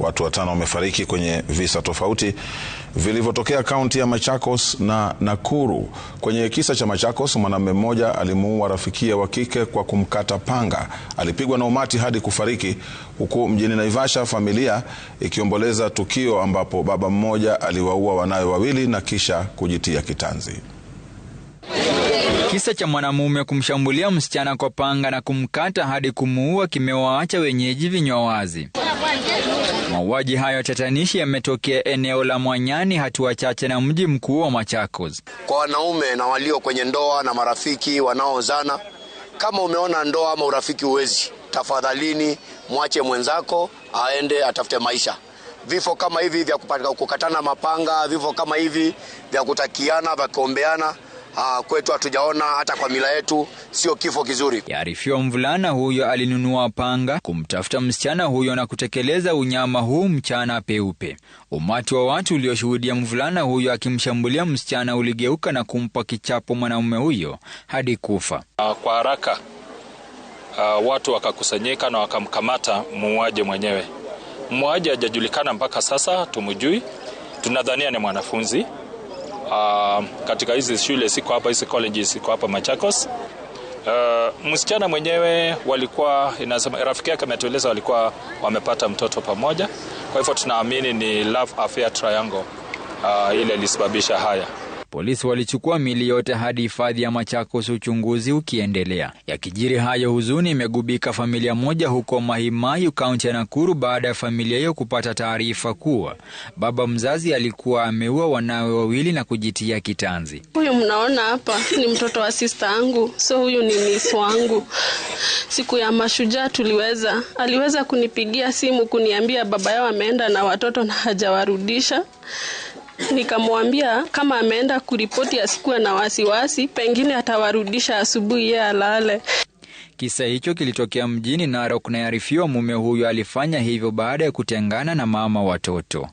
Watu watano wamefariki kwenye visa tofauti vilivyotokea kaunti ya Machakos na Nakuru. Kwenye kisa cha Machakos, mwanamume mmoja alimuua rafikia wa kike kwa kumkata panga. Alipigwa na umati hadi kufariki, huku mjini Naivasha familia ikiomboleza tukio ambapo baba mmoja aliwaua wanawe wawili na kisha kujitia kitanzi. Kisa cha mwanamume kumshambulia msichana kwa panga na kumkata hadi kumuua kimewaacha wenyeji vinywa wazi. Mauaji hayo tatanishi yametokea eneo la Mwanyani, hatua chache na mji mkuu wa Machakos. Kwa wanaume na walio kwenye ndoa na marafiki wanaozana, kama umeona ndoa ama urafiki uwezi, tafadhalini mwache mwenzako aende atafute maisha. Vifo kama hivi vya kukatana mapanga, vifo kama hivi vya kutakiana, vya kuombeana uh, kwetu hatujaona hata kwa mila yetu, sio kifo kizuri. Yaarifiwa mvulana huyo alinunua panga kumtafuta msichana huyo na kutekeleza unyama huu mchana peupe. Umati wa watu ulioshuhudia mvulana huyo akimshambulia msichana uligeuka na kumpa kichapo mwanamume huyo hadi kufa. Uh, kwa haraka uh, watu wakakusanyika na wakamkamata muuaji mwenyewe. Muuaji hajajulikana mpaka sasa, tumujui, tunadhania ni mwanafunzi uh, katika hizi shule, siko hapa hizi colleges, siko hapa Machakos. Uh, msichana mwenyewe walikuwa inasema, rafiki yake ametueleza walikuwa wamepata mtoto pamoja, kwa hivyo tunaamini ni love affair triangle uh, ile ilisababisha haya. Polisi walichukua mili yote hadi hifadhi ya Machakos, uchunguzi ukiendelea. Yakijiri hayo, huzuni imegubika familia moja huko Mahimayu, kaunti ya Nakuru, baada ya familia hiyo kupata taarifa kuwa baba mzazi alikuwa ameua wanawe wawili na kujitia kitanzi. Huyu mnaona hapa ni mtoto wa sista yangu, so huyu ni nisi wangu. Siku ya mashujaa tuliweza, aliweza kunipigia simu kuniambia baba yao ameenda na watoto na hajawarudisha Nikamwambia kama ameenda kuripoti asikuwe na wasiwasi, pengine atawarudisha asubuhi, yeye alale. Kisa hicho kilitokea mjini Narok na yarifiwa mume huyo alifanya hivyo baada ya kutengana na mama watoto.